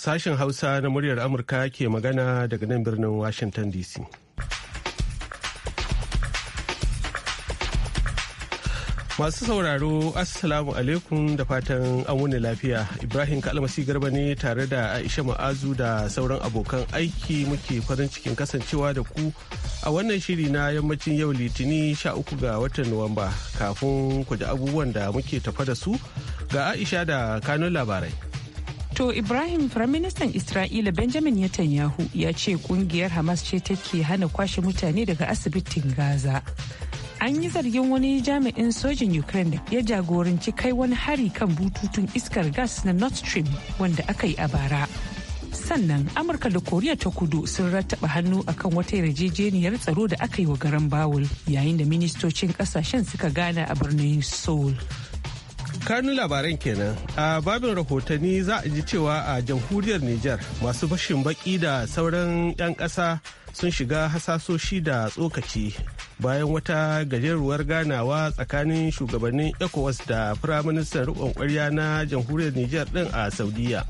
Sashen Hausa na muryar Amurka ke magana daga nan birnin Washington DC. Masu sauraro, Assalamu alaikum da fatan an lafiya. Ibrahim Kalmasi Garba ne tare da Aisha Ma'azu da sauran abokan aiki muke farin cikin kasancewa da ku a wannan shiri na yammacin yau Litini 13 ga watan Nuwamba kafin ku ji abubuwan da muke tafa da su ga Aisha da kanun labarai. To Ibrahim Firaministan Isra'ila Benjamin Netanyahu ya ce kungiyar Hamas ce take hana kwashe mutane daga asibitin Gaza. An yi zargin wani jami'in sojin Ukraine ya jagoranci kai wani hari kan bututun iskar gas na Nord Stream wanda aka yi a bara. Sannan Amurka da Koriya ta kudu sun rattaba hannu akan wata yarjejeniyar tsaro da aka yi wa garin Bawul yayin da ministocin kasashen suka gana a birnin Seoul. kanun labaran kenan a babin rahotanni za a ji cewa a jamhuriyar Nijar masu bashin baki da sauran 'yan ƙasa sun shiga hasasoshi da tsokaci bayan wata gajeruwar ganawa tsakanin shugabannin ecowas da firaministan riƙon ƙwarya na jamhuriyar Nijar din a saudiya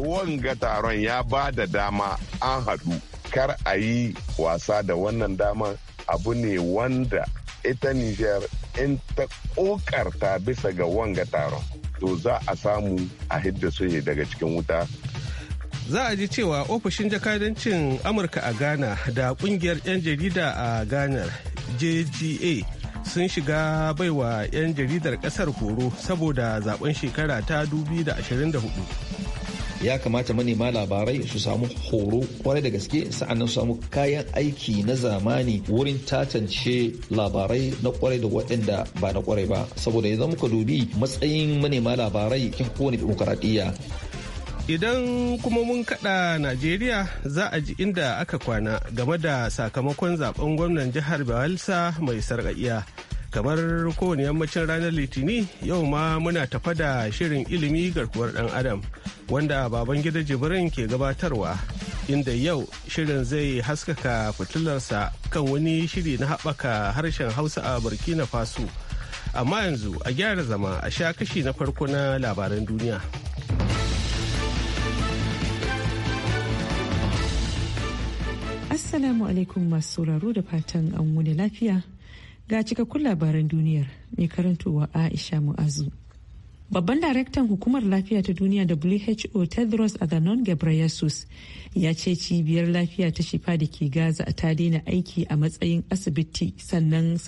wanga taron ya ba da dama an haɗu kar a yi wasa da wannan dama abu ne wanda ita Nijar in ta kokarta bisa ga wanga taron to za a samu a hidda su ne daga cikin wuta. Za a ji cewa ofishin jakadancin Amurka a Ghana da kungiyar 'yan jarida a Ghana JGA sun shiga baiwa 'yan jaridar kasar horo saboda zaben shekara ta 2024. ya kamata manema labarai su samu horo kwarai da gaske sa'annan su samu kayan aiki na zamani wurin tantance labarai na kwarai da waɗanda ba na kwarai ba saboda ya zama ka dubi matsayin manema labarai kin kowane dimokuraɗiyya idan kuma mun kaɗa najeriya za a ji inda aka kwana game da sakamakon zaben gwamnan jihar bayelsa mai sarƙaƙiya kamar kowane yammacin ranar litini yau ma muna tafa da shirin ilimi garkuwar dan adam wanda baban gida jibrin ke gabatarwa inda yau shirin zai haskaka fitilarsa kan wani shiri na haɓaka harshen hausa a burkina faso amma yanzu a gyara zama a sha kashi na farko na labaran duniya assalamu alaikum masu sauraro da fatan an wuni lafiya Ga cikakkun labaran duniyar mai karantowa Aisha Mu'azu. Babban daraktan hukumar lafiya ta duniya WHO Tedros Adhanom Ghebreyesus ya ce cibiyar lafiya ta shifa da ke Gaza ta daina aiki a matsayin asibiti sannan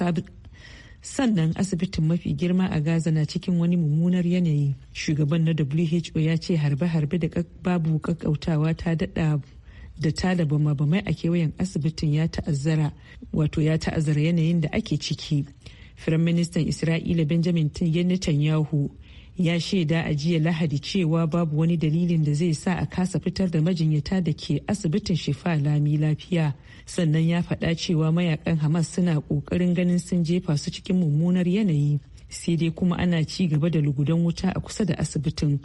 sannan asibitin mafi girma a Gaza na cikin wani mummunar yanayi. Shugaban na WHO ya ce harbe-harbe da babu kakkautawa ta daɗa da tada bama-bamai a kewayen asibitin ya ta'azzara wato ya ta'azzara yanayin da ake ciki. Firaministan Isra'ila Benjamin Netanyahu ya shaida a jiya lahadi cewa babu wani dalilin da zai sa a kasa fitar da majinyata da ke asibitin shifa lami lafiya sannan ya faɗa cewa mayakan hamas suna ƙoƙarin ganin sun jefa su cikin mummunar yanayi sai dai kuma ana ci gaba da lugudan wuta a kusa da asibitin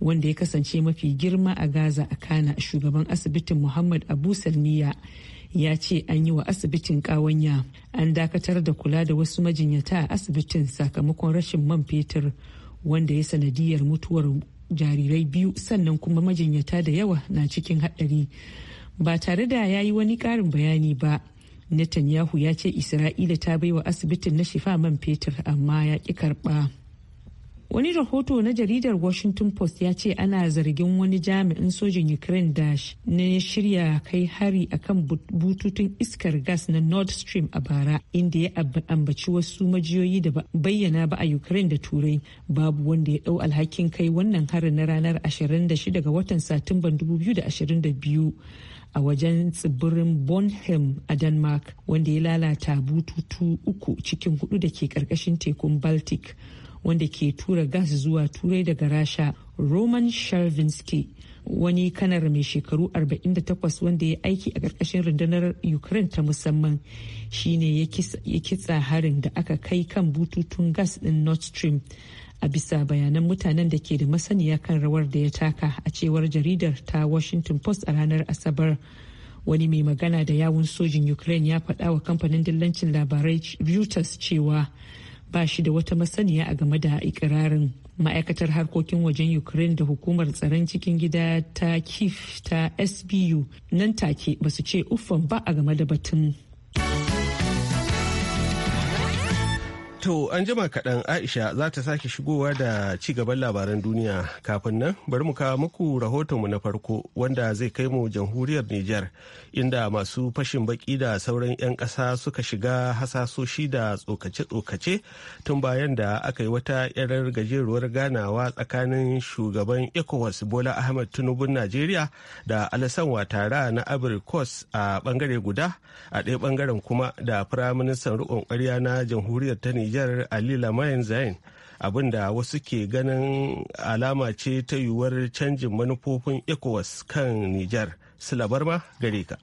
wanda ya kasance mafi girma a gaza a kana shugaban asibitin muhammad abu salmiya ya ce an yi wa asibitin kawanya an dakatar da kula da wasu majinyata a asibitin sakamakon rashin man fetur wanda ya sanadiyar mutuwar jarirai biyu sannan kuma majinyata da yawa na cikin haɗari ba tare da ya yi wani ƙarin bayani ba netanyahu ya ce isra'ila ta baiwa asibitin na shifa man fetur amma ya ƙi karɓa wani rahoto na jaridar washington post ya ce ana zargin wani jami'in sojin ukraine da na shirya kai hari akan bututun iskar gas na nord stream a bara inda ya ambaci wasu majiyoyi da bayyana ba a ukraine da turai babu wanda ya dau alhakin kai wannan harin na ranar 26 ga watan satumban 2022 a wajen tsibirin Bornholm a Denmark wanda ya lalata bututu uku cikin hudu da ke karkashin tekun Baltic wanda ke tura gas zuwa turai daga rasha roman sharvinsky wani kanar mai shekaru 48 wanda ya aiki a ƙarƙashin rundunar ukraine ta musamman shine ya kitsa harin da aka kai kan bututun gas din nord stream a bisa bayanan mutanen da ke da masaniya kan rawar da ya taka a cewar jaridar ta washington post a ranar asabar wani mai magana da yawun sojin ukraine ya faɗa wa kamfanin dillancin labarai reuters cewa ba shi da wata masaniya a game da ikirarin ma'aikatar harkokin wajen ukraine da hukumar tsaron cikin gida ta kif ta sbu nan take basu ce uffan ba a game da batun To an jima kaɗan Aisha za ta sake shigowa da ci gaban labaran duniya kafin nan bari mu kawo muku rahotonmu na farko wanda zai kai mu jamhuriyar Nijar inda masu fashin baki da sauran 'yan ƙasa suka shiga hasasoshi da tsokace-tsokace tun bayan da aka yi wata 'yarar gajeruwar ganawa tsakanin shugaban ECOWAS Bola Ahmed Tinubu Najeriya da Alasan Watara na Abirikos a bangare guda a ɗaya bangaren kuma da Firaministan riƙon ƙwarya na jamhuriyar ta Nijar Nijar Ali Lamayin Zain abinda wasu ke ganin alama ce ta yiwuwar canjin manufofin ECOWAS kan Nijar. Silabar ma gare ka.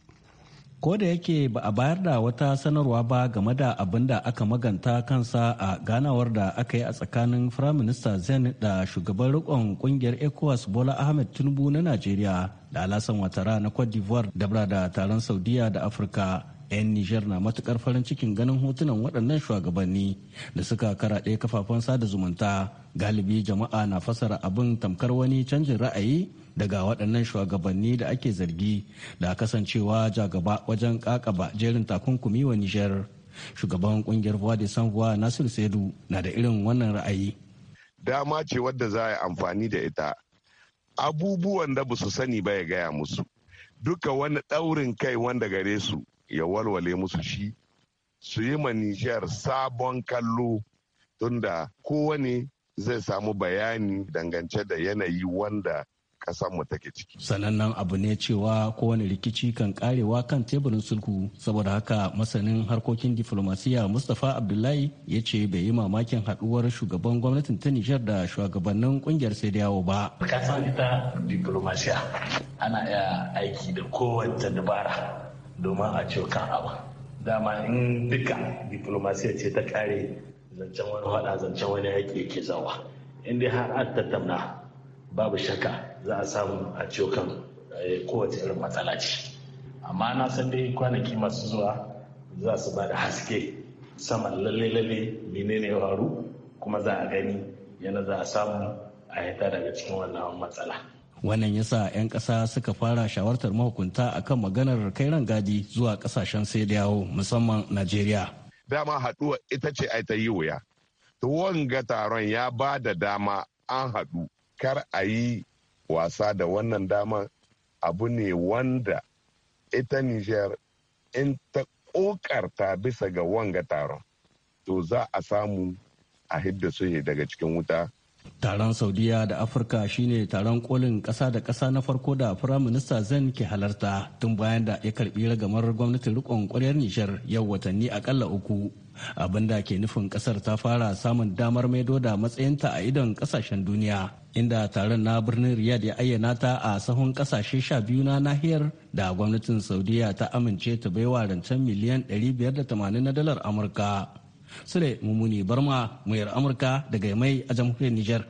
Ko da yake ba a bayar da wata sanarwa ba game da abin da aka maganta kansa a ganawar da aka yi a tsakanin Firaminista Zain da shugaban rikon kungiyar ECOWAS Bola Ahmed Tinubu na Najeriya da Alasan Watara na Cote d'Ivoire da taron Saudiya da Afirka. 'yan nijar na matukar farin cikin ganin hotunan waɗannan shugabanni da suka karaɗe kafafen sada zumunta galibi jama'a na fasara abin tamkar wani canjin ra'ayi daga waɗannan shugabanni da ake zargi da kasancewa jagaba wajen kakaba jerin takunkumi wa nijar shugaban kungiyar voix de san voix nasiru saidu na da irin wannan ra'ayi dama ce wadda za a yi amfani da ita abubuwan da ba su sani ba ya gaya musu duka wani ɗaurin kai wanda gare su ya walwale musu shi su yi ma Nijar sabon kallo tunda kowane zai samu bayani dangance da yanayi wanda mu take ciki. Sanannen abu ne cewa kowane rikici kan karewa kan teburin sulhu saboda haka masanin harkokin diflomasiya Mustapha Abdullahi ya ce bai yi mamakin haduwar shugaban gwamnatin ta Nijar da shugabannin kungiyar sai yawo ba. Kasan ita diflomasiya ana iya aiki da kowace dabara domin a ce kan abu dama in duka diplomasiya ce ta kare zancen wani hada zancen wani yaƙi yake zawa in dai har an tattauna babu shaka za a samu a ciwo kan eh, kowace irin matsala ce amma na san dai kwanaki masu zuwa za su ba da haske sama lalle-lalle menene ya faru kuma za a gani yana za a samu a hita daga cikin wannan matsala. wannan yasa 'yan ƙasa suka fara shawartar mahukunta akan maganar kai rangadi zuwa ƙasashen sai yawo musamman najeriya dama haɗuwa ita ce ai ta yi wuya to wanga taron ya ba da dama an haɗu kar a yi wasa da wannan dama abu ne wanda ita niger in ta ƙoƙarta bisa ga wanga taron to za a samu a hidda su daga cikin wuta Taron Saudiya da Afirka shine taron kolin ƙasa da ƙasa na farko da Firaminista Zan ke halarta tun bayan da ya karbi ragamar gwamnatin rikon ƙwaryar Nijar yau watanni akalla uku. Abin da ke nufin ƙasar ta fara samun damar maido da matsayinta a idon ƙasashen duniya. Inda taron na birnin Riyadh ya ayyana ta a sahun ƙasashe sha biyu na nahiyar da gwamnatin Saudiya ta amince ta baiwa rancen miliyan 580 na dalar Amurka. Sule Mumuni Barma, muyar Amurka daga mai a jamhuriyar Nijar.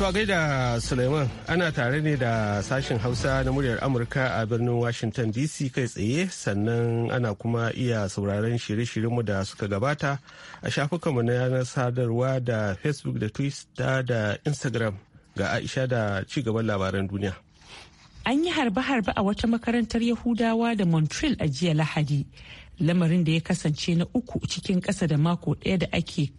To gaida Suleiman ana tare ne da sashen Hausa na muryar Amurka a birnin Washington DC kai tsaye sannan ana kuma iya sauraron shirye-shiryenmu da suka gabata a shafukanmu na yanar sadarwa da Facebook da Twitter da Instagram ga Aisha da cigaban labaran duniya. an yi harbe-harbe a wata makarantar yahudawa da montreal a jiya lahadi lamarin da ya kasance na uku cikin ƙasa da mako ɗaya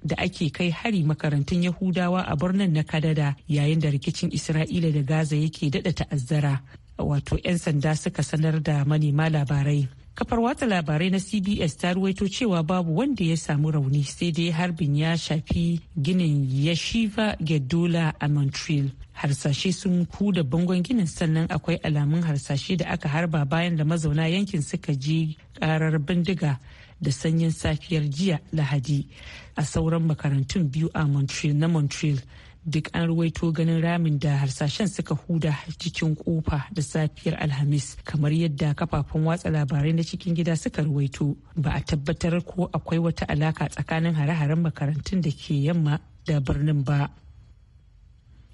da ake kai hari makarantun yahudawa a birnin na kadada yayin da rikicin isra'ila da gaza yake daɗa ta'azzara wato 'yan sanda suka sanar da manema labarai kafar watsa labarai na cbs ta ruwaito cewa babu wanda ya samu rauni sai dai harbin ya shafi ginin yashiva gedola a montreal harsashe sun huda bangon ginin sannan akwai alamun harsashe da aka harba bayan da mazauna yankin suka je karar bindiga da sanyin safiyar jiya lahadi a sauran makarantun biyu a montreal na montreal duk an ruwaito ganin ramin da harsashen suka huda cikin kofa da safiyar alhamis kamar yadda kafafen watsa labarai na cikin gida suka ruwaito ba a tabbatar ko akwai wata alaka tsakanin hare-haren makarantun da ke yamma da birnin ba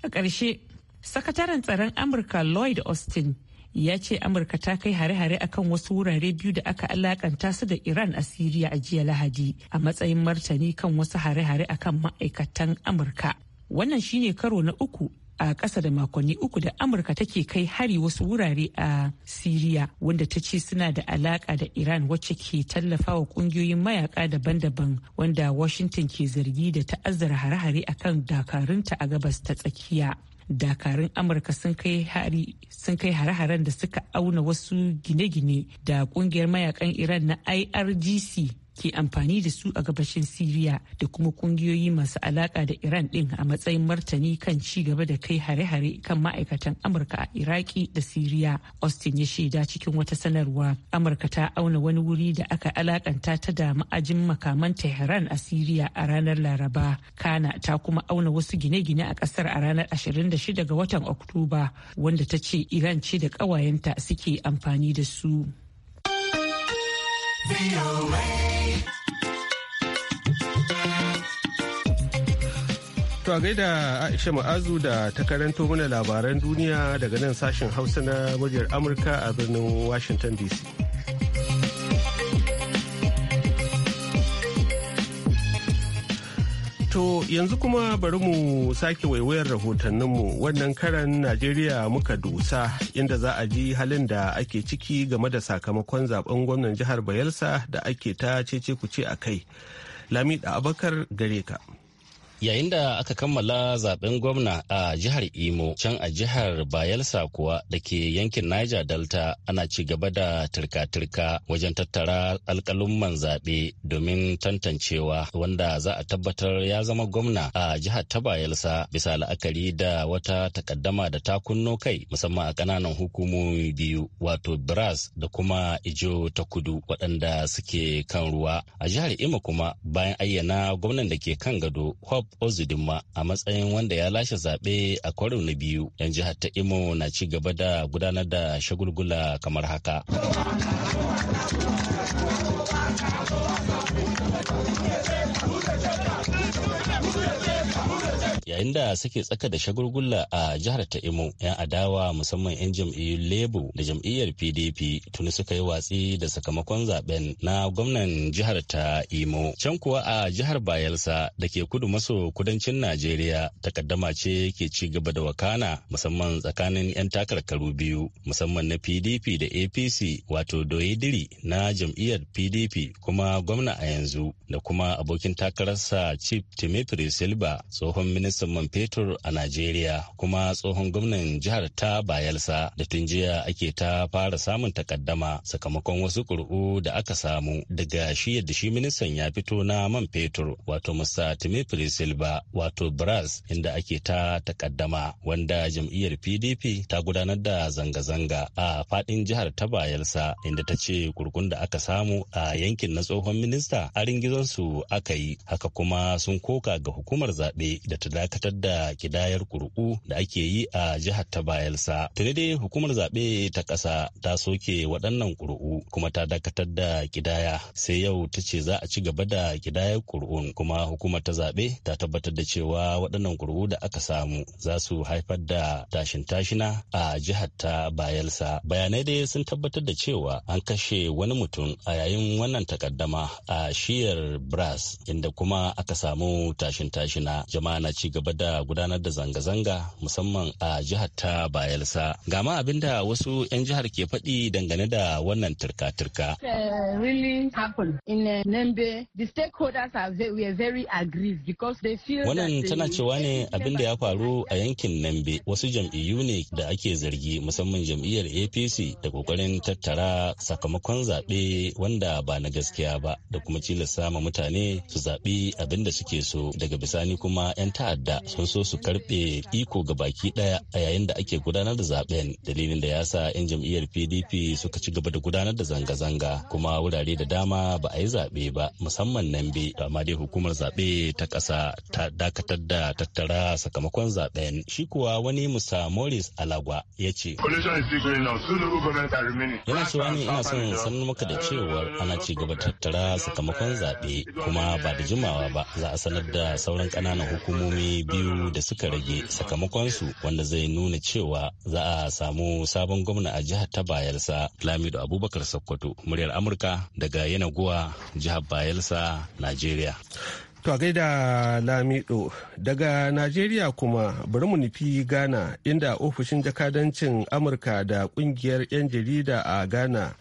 a ƙarshe sakataren tsaron amurka lloyd austin ya ce amurka ta kai hare-hare akan wasu wurare biyu da aka alakanta su da iran a siriya a jiya lahadi a matsayin martani kan wasu hare-hare akan ma'aikatan amurka wannan shine karo na uku a ƙasa da makonni uku da amurka take kai hari wasu wurare a siriya wanda ta ce suna da alaƙa da iran wacce ke tallafawa ƙungiyoyin mayaka daban-daban wanda washington ke zargi da ta'azzara hare-hare akan dakarunta a gabas ta tsakiya dakarun amurka sun kai hare-haren da suka auna wasu gine-gine da ƙungiyar mayakan iran na irgc ke amfani da su a gabashin Siriya da kuma kungiyoyi masu alaka da Iran din a matsayin martani kan ci gaba da kai hare-hare kan ma'aikatan Amurka a Iraki da Siriya. Austin ya shaida cikin wata sanarwa. Amurka ta auna wani wuri da aka alakanta ta da ma'ajin makaman Tehran a Siriya a ranar Laraba. Kana ta kuma auna wasu gine-gine a kasar a ranar 26 ga watan Oktoba wanda ta ce Iran ce da ƙawayenta suke amfani da su. To gaida Aisha Ma'azu da ta karanto mana labaran duniya daga nan sashen Hausa na muryar Amurka a birnin Washington DC. To yanzu kuma bari mu sake waiwayar rahotanninmu wannan karan Najeriya muka dusa inda za a ji halin da ake ciki game da sakamakon zaben gwamnan jihar Bayelsa da ake ta cece kuce a kai. Lamida Abakar gare ka. Yayin da aka kammala zaben gwamna a jihar Imo, can a jihar Bayelsa kuwa da ke yankin Niger Delta ana ci gaba da turka-turka wajen tattara alkalumman zaɓe domin tantancewa wanda za a tabbatar ya zama gwamna a jihar ta Bayelsa bisa la'akari da wata takaddama da ta kunno kai musamman a ƙananan hukumomi biyu wato Brass da kuma Ijo ta Kudu waɗanda suke kan ruwa. A jihar Imo kuma bayan ayyana gwamnan da ke kan gado Hope Ozudinma a matsayin wanda ya lashe zaɓe a kwaro na biyu. 'Yan jihar ta Imo na ci gaba da gudanar da shagulgula kamar haka. yayin da suke tsaka da shagulgula a jihar ta imo yan adawa musamman yan jam'iyyun labour da jam'iyyar pdp tuni suka yi watsi da sakamakon zaben na gwamnan jihar ta imo can kuwa a jihar bayelsa da ke kudu maso kudancin najeriya takaddama ce ke ci gaba da wakana musamman tsakanin yan takarkaru biyu musamman na pdp da apc wato doyediri na jam'iyyar pdp kuma gwamna a yanzu da kuma abokin takararsa chief timothy silva tsohon minista majalisar man fetur a Najeriya kuma tsohon gwamnan jihar ta Bayelsa da tun jiya ake ta fara samun takaddama sakamakon wasu ƙuri'u da aka samu daga shi yadda shi ministan ya fito na man fetur wato Mr. Timothy Silva wato Brass inda ake ta takaddama wanda jam'iyyar PDP ta gudanar da zanga-zanga a faɗin jihar ta Bayelsa inda ta ce kurkun da aka samu a yankin na tsohon minista a ringizon su aka yi haka kuma sun koka ga hukumar zaɓe da ta dakatar da kidayar ƙuri'u da ake yi a jihar ta bayelsa tuni dai hukumar zaɓe ta ƙasa ta soke waɗannan ƙuri'u kuma ta dakatar da kidaya sai yau ta ce za a ci gaba da kidayar ƙuri'un kuma hukumar ta zaɓe ta tabbatar da cewa waɗannan ƙuri'u da aka samu za su haifar da tashin tashina a jihar ta bayelsa bayanai dai sun tabbatar da cewa an kashe wani mutum a yayin wannan takaddama a shiyar bras inda kuma aka samu tashin tashina jama'a na ci gaba da gudanar da zanga-zanga musamman a jihar ta Bayelsa. Ga ma abin da wasu 'yan jihar ke faɗi dangane da wannan turka-turka. Uh, uh, wannan tana cewa ne abin da ya faru a yankin Nambe wasu jam'iyyu ne da ake zargi musamman jam'iyyar APC da kokarin tattara sakamakon zaɓe wanda ba na gaskiya ba da kuma cilasta ma mutane su zaɓi abin da suke so daga bisani kuma 'yan ta'adda ta'adda sun so su karbe iko ga baki daya a yayin da ake gudanar da zaben dalilin da ya sa 'yan jam'iyyar pdp suka ci gaba da gudanar da zanga-zanga kuma wurare da dama ba a yi zaɓe ba musamman nan be amma dai hukumar zaɓe ta ƙasa ta dakatar da tattara sakamakon zaben shi kuwa wani musa morris alagwa ya ce yana cewa ne ina son sanar maka da cewar ana ci gaba tattara sakamakon zaɓe kuma ba da jimawa ba za a sanar da sauran ƙananan hukumomi biyu da suka rage sakamakonsu wanda zai nuna cewa za a samu sabon gwamna a jihar ta bayelsa lamido abubakar sokoto muryar amurka daga yanaguwa jihar bayelsa nigeria To gaida Lamido daga nigeria kuma bari mu nufi Ghana inda ofishin jakadancin Amurka da kungiyar 'yan jarida a Ghana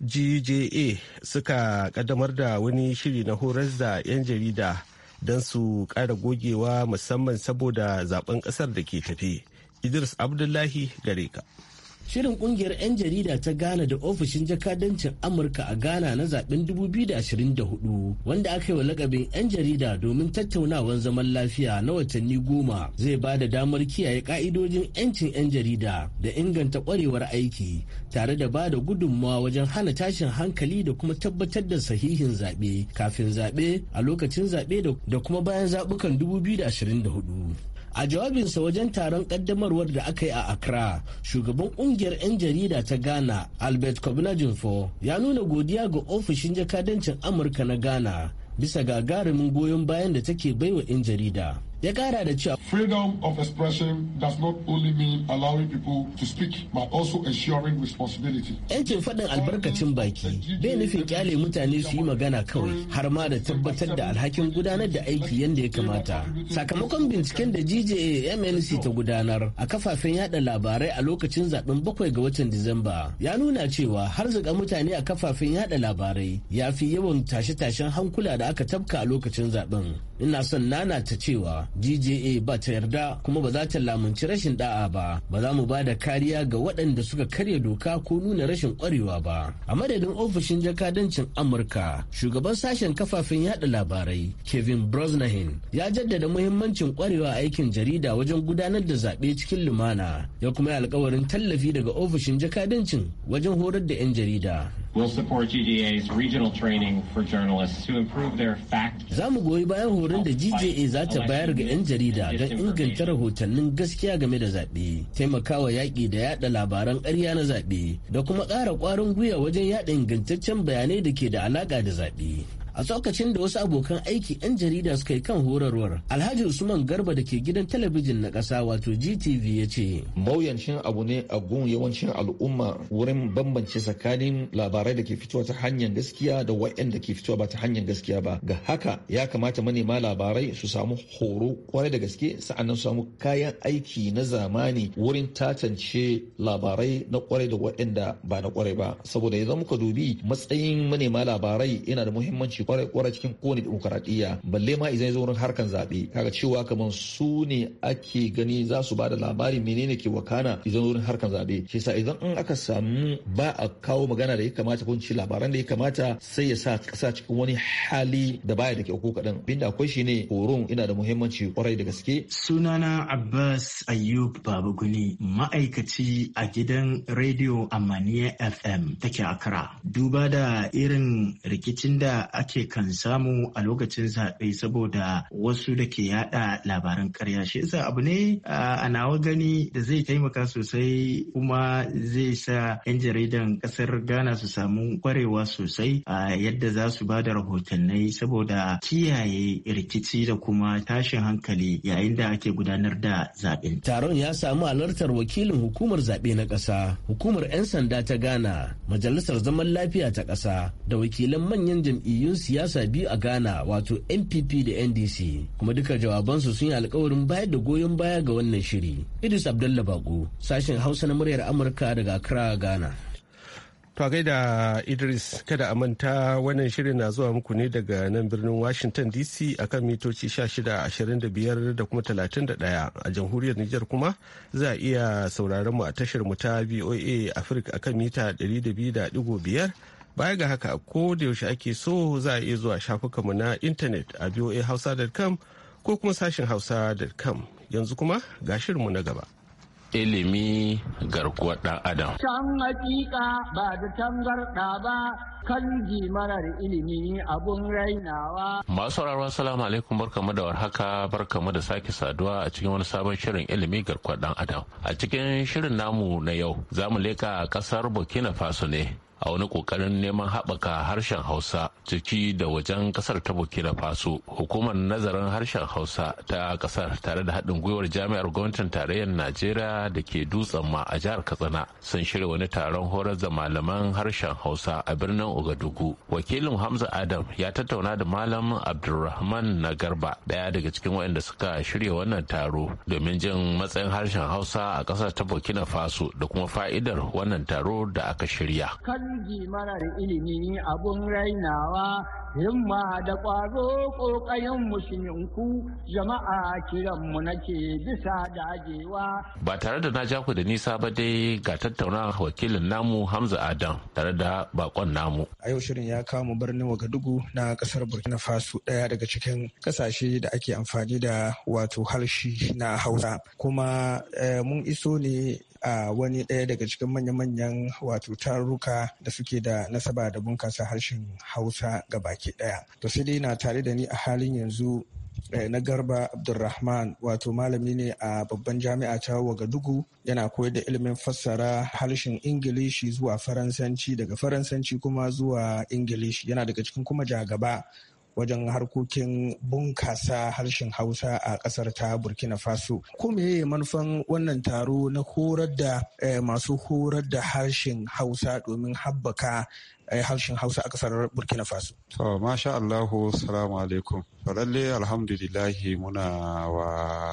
GJA suka kaddamar da wani shiri na horas da 'yan jarida don su ƙara gogewa musamman saboda zaben ƙasar da ke tafe idris abdullahi gareka. shirin kungiyar 'yan jarida ta ghana da ofishin jakadancin amurka a ghana na zaben 2024 wanda aka yi wa lakabin 'yan jarida domin tattaunawan zaman lafiya na watanni goma zai ba da damar kiyaye ka'idojin 'yancin 'yan jarida da inganta kwarewar aiki tare da ba da gudunmawa wajen hana tashin hankali da kuma tabbatar da sahihin zaɓe kafin zaɓe a lokacin zaɓe da kuma bayan zaɓukan 2024 a jawabinsa wajen taron kaddamarwar da aka yi a accra shugaban kungiyar 'yan jarida ta ghana albert kobinajinfo ya nuna godiya ga ofishin jakadancin amurka na ghana bisa gagarumin goyon bayan da take baiwa 'yan jarida ya kara da cewa freedom of expression does not only mean allowing people to speak but also ensuring responsibility yancin faɗin albarkacin baki bai nufin kyale mutane su yi magana kawai har ma da tabbatar da alhakin gudanar da aiki yadda ya kamata sakamakon binciken da gja mnc ta gudanar a kafafen yada labarai a lokacin zaben bakwai ga watan disamba ya nuna cewa har zuga mutane a kafafen yada labarai ya fi yawan tashe-tashen hankula da aka tabka a lokacin zaben ina son nana ta cewa gja ba ta yarda kuma ba za ta lamunci rashin da'a ba ba za mu ba da kariya ga waɗanda suka karya doka ko nuna rashin ƙwarewa ba a madadin ofishin jakadancin amurka shugaban sashen kafafen yada labarai kevin brosnahan ya jaddada muhimmancin ƙwarewa aikin jarida wajen gudanar da zaɓe cikin lumana ya kuma yi alkawarin tallafi daga ofishin jakadancin wajen horar da 'yan jarida We'll support GJA's regional training for journalists to improve their fact. Za mu goyi bayan horon da GJA za ta bayar ga 'yan jarida don inganta rahotannin gaskiya game da zaɓe, taimakawa yaƙi da yaɗa labaran ƙarya na zaɓe, da kuma ƙara ƙwarin gwiwa wajen yaɗa ingantaccen bayanai da ke da alaƙa da zaɓe. a tsokacin da wasu abokan aiki 'yan jarida suka yi kan horarwar alhaji usman garba da ke gidan talabijin na ƙasa wato gtv ya ce mawuyancin abu ne a gun yawancin al'umma wurin bambance tsakanin labarai da ke fitowa ta hanyar gaskiya da wa'anda ke fitowa ba ta hanyar gaskiya ba ga haka ya kamata manema labarai su samu horo kwarai da gaske sa'annan su samu kayan aiki na zamani wurin tatance labarai na kwarai da wa'anda ba na kwarai ba saboda idan muka dubi matsayin manema labarai yana da muhimmanci shi kwarai kwarai cikin kowane demokaradiyya balle ma idan ya zo wurin harkan zaɓe kaga cewa kamar su ne ake gani za su ba labari menene ke wakana idan wurin harkan zaɓe shi yasa idan an aka samu ba a kawo magana da ya kamata ko labaran da ya kamata sai ya sa kasa cikin wani hali da baya da ke ko kaɗan binda akwai shi ne horon ina da muhimmanci kwarai da gaske. sunana abbas ayyub babaguni ma'aikaci a gidan rediyo amaniya fm take akara duba da irin rikicin da ake ake kan samu a lokacin zaɓe saboda wasu da ke yada labaran karya shi yasa abu ne a nawa gani da zai taimaka sosai kuma zai sa 'yan jaridan ƙasar ghana su samu kwarewa sosai a yadda za su ba da rahotannai saboda kiyaye rikici da kuma tashin hankali yayin da ake gudanar da zaɓen taron ya samu halartar wakilin hukumar zaɓe na ƙasa hukumar 'yan sanda ta ghana majalisar zaman lafiya ta ƙasa da wakilan manyan jam'iyyun siyasa biyu a ghana wato npp da ndc kuma duka jawabansu sun yi alkawarin bayar da goyon baya ga wannan shiri idris abdullah bako sashen hausa na muryar amurka daga accra ghana To gaida Idris kada a manta wannan shirin na zuwa muku ne daga nan birnin Washington DC akan mitoci 1625 da kuma 31 a jamhuriyar Nijar kuma za a iya sauraron mu a tashar mu ta VOA Africa akan mita 200.5 baya ga haka ko da yaushe ake so za a iya zuwa shafukanmu na intanet a voahausa.com ko kuma sashin hausa.com yanzu kuma ga shirinmu na gaba. ilimi garkuwar ɗan adam. Can hakika ba da tangarɗa ba kan marar ilimi abun rainawa. Masu rarwa salamu alaikum barkamu da warhaka barkamu da sake saduwa a cikin wani sabon shirin ilimi garkuwar ɗan adam. A cikin shirin namu na yau za mu leƙa ƙasar Burkina Faso ne a wani kokarin neman haɓaka harshen hausa ciki da wajen kasar ta burkina faso hukumar nazarin harshen hausa ta kasar tare da haɗin gwiwar jami'ar gwamnatin tarayyar najeriya da ke dutsen ma a jihar katsina sun shirya wani taron horar da malaman harshen hausa a birnin ogadugu wakilin hamza adam ya tattauna da malam abdulrahman na garba ɗaya daga cikin waɗanda suka shirya wannan taro domin jin matsayin harshen hausa a ƙasar ta burkina faso da kuma fa'idar wannan taro da aka shirya. kanji marar ilimi abun rainawa himma da ƙwazo ƙoƙarin musulunku jama'a kiranmu nake bisa dajewa. Ba tare da na ja ku da nisa ba dai ga tattaunawa wakilin namu Hamza Adam tare da bakon namu. A yau shirin ya kawo birnin Wagadugu na ƙasar Burkina Faso ɗaya daga cikin ƙasashe da ake amfani da wato harshe na Hausa. Kuma eh, mun iso ne a wani ɗaya daga cikin manya-manyan wato taruka da suke da nasaba da bunkasa harshen hausa ga baki ɗaya to sai dai na tare da ni a halin yanzu eh, na garba abdulrahman wato malami ne a babban jami'a ta wagadugu yana koyar da ilimin fassara harshen ingilishi zuwa faransanci daga faransanci kuma zuwa ingilishi yana daga cikin kuma jagaba wajen harkokin bunkasa harshen hausa a kasar ta burkina faso ko meye manufan wannan taro na horar da eh, masu horar da harshen hausa domin habbaka eh, harshen hausa a kasar burkina faso to masha allahu salamu alaikum lalle alhamdulillah muna wa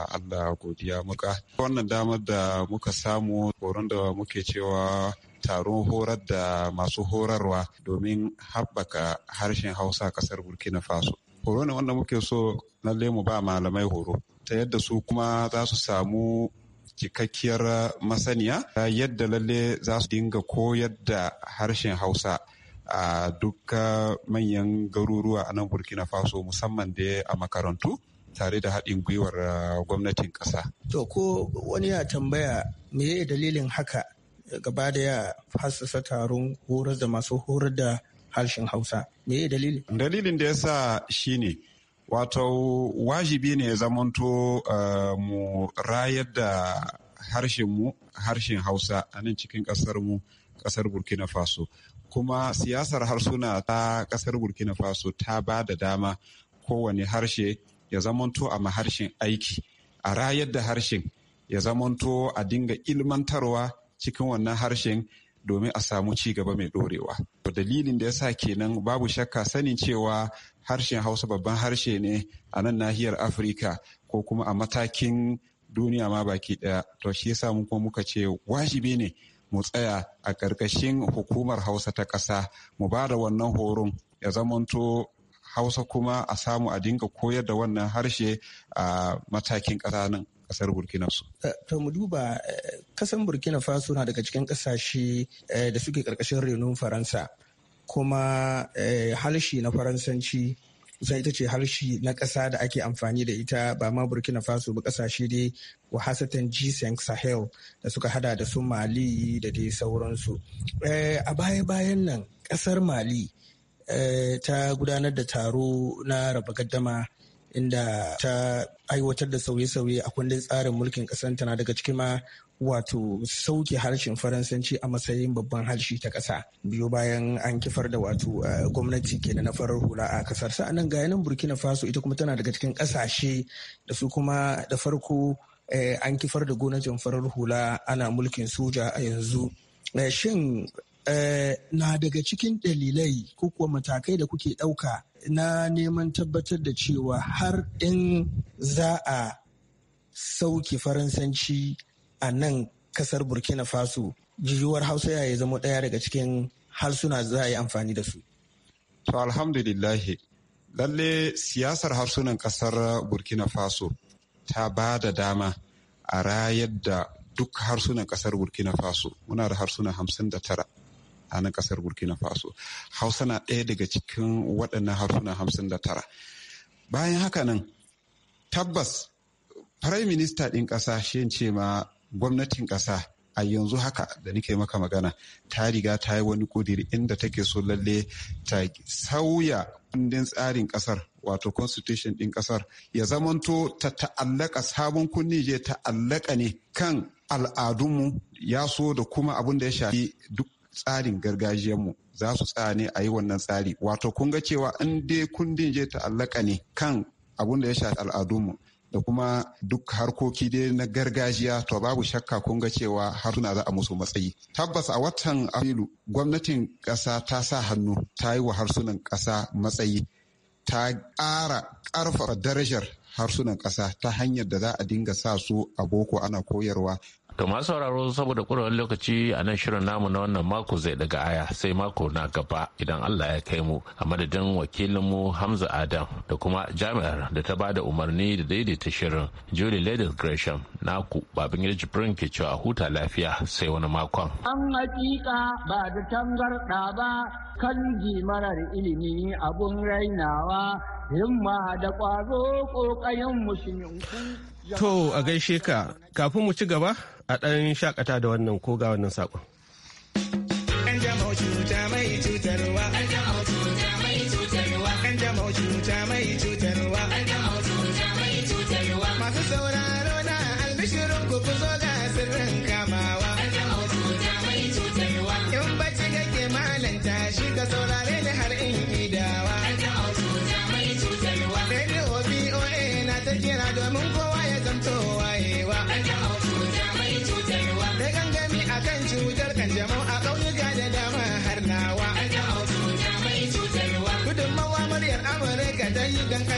allah godiya muka wannan damar da muka samu horon da muke cewa taron horar da masu horarwa domin haɓaka harshen hausa ƙasar burkina faso horo ne wanda muke so lalle mu ba malamai horo ta yadda su kuma za su samu cikakkiyar masaniya yadda lalle za su dinga koyar da harshen hausa a duka manyan garuruwa a nan burkina faso musamman da a makarantu tare da haɗin gwiwar uh, gwamnatin ƙasa. To ko wani ya tambaya me dalilin haka gaba da ya hassasa taron horar da masu horar da harshen hausa me dalili dalilin da ya sa shi ne wato wajibi ne ya zamanto uh, mu rayar da harshen mu harshen hausa a nan cikin kasar mu kasar burkina faso kuma siyasar harsuna ta kasar burkina faso ta ba da dama kowane harshe ya zamanto a harshen aiki a rayar da harshen ya zamanto a dinga ilmantarwa cikin wannan harshen domin a samu ci gaba mai dorewa. Dalilin da ya sa kenan babu shakka sanin cewa harshen Hausa babban harshe ne a nan nahiyar Afirka ko kuma a matakin duniya ma baki ɗaya To shi yasa mun kuma muka ce wajibi ne mu tsaya a ƙarƙashin hukumar Hausa ta ƙasa mu ba da wannan horon ya zamanto Hausa kuma a samu a dinga koyar da wannan harshe a matakin ƙasa nan. kasar burkina faso eh, to mu duba eh, kasar burkina faso na daga cikin kasashe eh, da suke karkashin renon faransa kuma harshe na faransanci kusan ita ce harshe na ƙasa da ake amfani da ita ba ma burkina faso ba ƙasashe dai wahasatan g5 sahel da suka hada da su mali da dai sauransu a baya-bayan nan ƙasar mali ta gudanar da taro na raba gaddama inda ta aiwatar da sauye-sauye a kundin tsarin mulkin ƙasar tana daga cikin ma wato sauke harshen faransanci a matsayin babban harshe ta ƙasa biyo bayan an kifar da wato eh, gwamnati kenan na farar hula a ƙasar sa'annan ga yanan burkina faso ita kuma tana daga cikin ƙasashe da su kuma da farko eh, an kifar da gwamnatin farar hula ana mulkin soja a yanzu eh, shin Eh, na daga cikin dalilai ko kuwa matakai da kuke ɗauka na neman tabbatar da cewa har in za a sauke faransanci a nan kasar burkina faso jiyuwar hausa ya zama ɗaya daga cikin harsuna za a yi amfani da su to alhamdulillahi lalle siyasar harsunan kasar burkina faso ta ba da dama a rayar da duk harsunan kasar burkina faso muna da harsuna hamsin da tara a nan kasar burkina faso hausa na ɗaya daga cikin waɗannan harsuna hamsin da tara bayan haka nan tabbas prime minister ɗin ƙasa shi ce ma gwamnatin ƙasa a yanzu haka da nake maka magana ta riga ta yi wani kudiri inda take so lalle ta sauya kundin tsarin ƙasar wato constitution ɗin ƙasar ya zamanto ta ta'allaka sabon kunni je ta'allaka ne kan al'adunmu ya so da kuma abin da ya shafi duk tsarin gargajiyarmu za su tsaya ne a yi wannan tsari wato kun ga cewa in dai kundin je ta'allaka ne kan abun da ya shafi al'adunmu da kuma duk harkoki dai na gargajiya to babu shakka kun ga cewa harsuna za a musu matsayi tabbas a watan afrilu gwamnatin ƙasa ta sa hannu ta yi wa harsunan ƙasa matsayi ta ƙara ƙarfafa darajar harsunan ƙasa ta hanyar da za a dinga sa su a boko ana koyarwa To masu sauraro saboda kurewar lokaci a nan shirin namu na wannan mako zai daga aya sai mako na gaba idan Allah ya kai mu a madadin wakilinmu Hamza Adam da kuma jami'ar da ta bada umarni da daidaita shirin Julie Ladies Gresham naku babin gida Jibrin ke cewa huta lafiya sai wani makon. An hakika ba da tangarɗa ba kan marar ilimi abun rainawa himma da kwazo kokayen mu To a gaishe ka kafin mu ci gaba a ɗan shakata da wannan ko ga wannan saƙon. An mai cutarwa. Masu sauraro na albishirin ku ku zo ga sirrin kamawa. An cuta mai cutarwa. In bacci kake malanta shi ka saurara.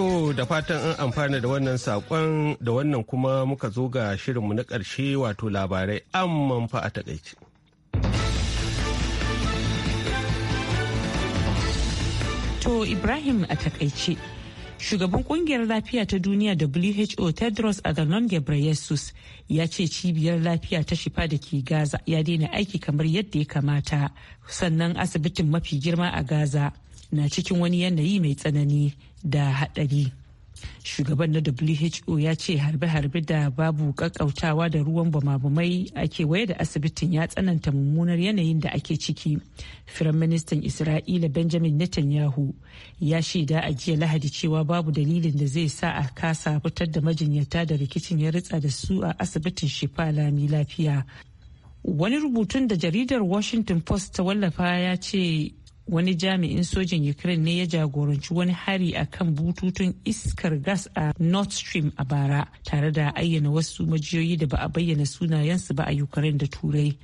To da fatan an amfana da wannan saƙon da wannan kuma muka zo ga shirinmu na ƙarshe wato labarai amman fa a takaice. To Ibrahim a takaice. Shugaban ƙungiyar lafiya ta duniya WHO Tedros Adhanom Ghebreyesus ya ce cibiyar lafiya ta shifa da ke Gaza ya daina aiki kamar yadda ya kamata sannan asibitin mafi girma a Gaza. na cikin wani yanayi mai tsanani da haɗari. Shugaban na WHO ya ce harbe-harbe da babu ƙaƙƙautawa da ruwan bama-bamai a kewaye da asibitin ya tsananta mummunar yanayin da ake ciki. Firaministan Isra'ila Benjamin Netanyahu ya shaida a jiya Lahadi cewa babu dalilin da zai sa a kasa fitar da majinyata da rikicin ya ritsa da su a asibitin Shifa Lami lafiya. Wani rubutun da jaridar Washington Post ta wallafa ya ce wani jami'in sojin ukraine ne ya jagoranci wani hari a kan bututun iskar gas a north stream a bara tare da ayyana wasu majiyoyi da ba a bayyana sunayensu ba a ukraine da turai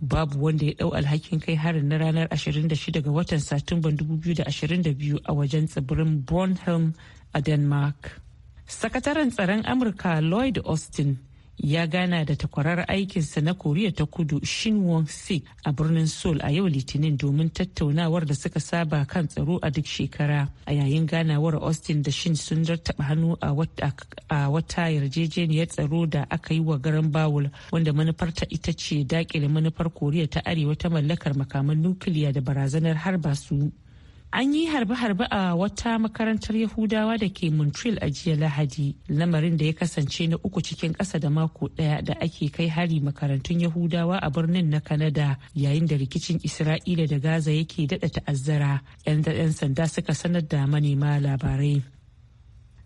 babu wanda ya dau alhakin kai harin na ranar 26 ga watan satumban 2022 a wajen tsibirin bornholm a denmark sakataren tsaron amurka lloyd austin ya gana da takwarar aikinsa na koriya ta kudu shin won sik a birnin seoul a yau litinin domin tattaunawar da suka saba kan tsaro a duk shekara a yayin ganawar austin da shin sun rattaba hannu a wata yarjejeniyar tsaro da aka yi wa garin bawul wanda manufarta ita ce dakile manufar koriya ta arewa ta mallakar makaman nukiliya da barazanar harba su an yi harbe-harbe a wata makarantar yahudawa da ke montreal a jiya lahadi lamarin da ya kasance na uku cikin ƙasa da mako ɗaya da ake kai hari makarantun yahudawa a birnin na kanada yayin da rikicin isra'ila da gaza yake daɗa ta'azzara 'yan 'yan sanda suka sanar da manema labarai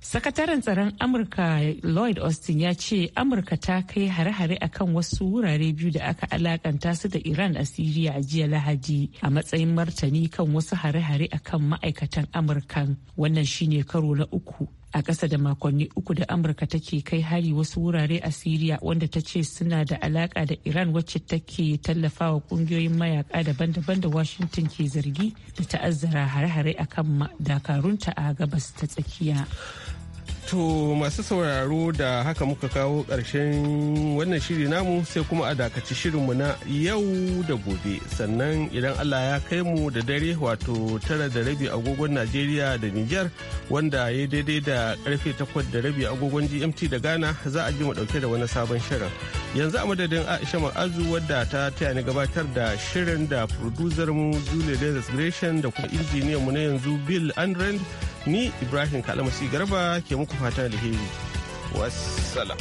sakataren tsaron amurka lloyd austin ya ce amurka ta kai hare-hare akan wasu wurare biyu da aka alakanta su da iran a siriya a jiya lahadi a matsayin martani kan wasu hare-hare akan ma'aikatan amurkan wannan shine karo na uku a ƙasa da makonni uku da amurka take kai hari wasu wurare a siriya wanda ta ce suna da alaƙa da iran wacce take tallafawa ƙungiyoyin mayaka daban-daban da washington ke zargi da ta'azzara hare-hare a kan dakarunta a gabas ta tsakiya To masu sauraro da haka muka kawo ƙarshen wannan shiri namu sai kuma a dakaci shirinmu na yau da gobe sannan idan Allah ya kai mu da dare wato tara da rabi agogon Najeriya da Nijar wanda ya daidai da karfe takwas da rabi agogon GMT da Ghana za a ji mu dauke da wani sabon shirin. Yanzu a madadin Aisha Ma'azu wadda ta taya ni gabatar da shirin da producer mu Julie Gresham da kuma injiniyan mu na yanzu Bill Andrend. ni ibrahim kalamasi garba ke muku fatan alheri wassalam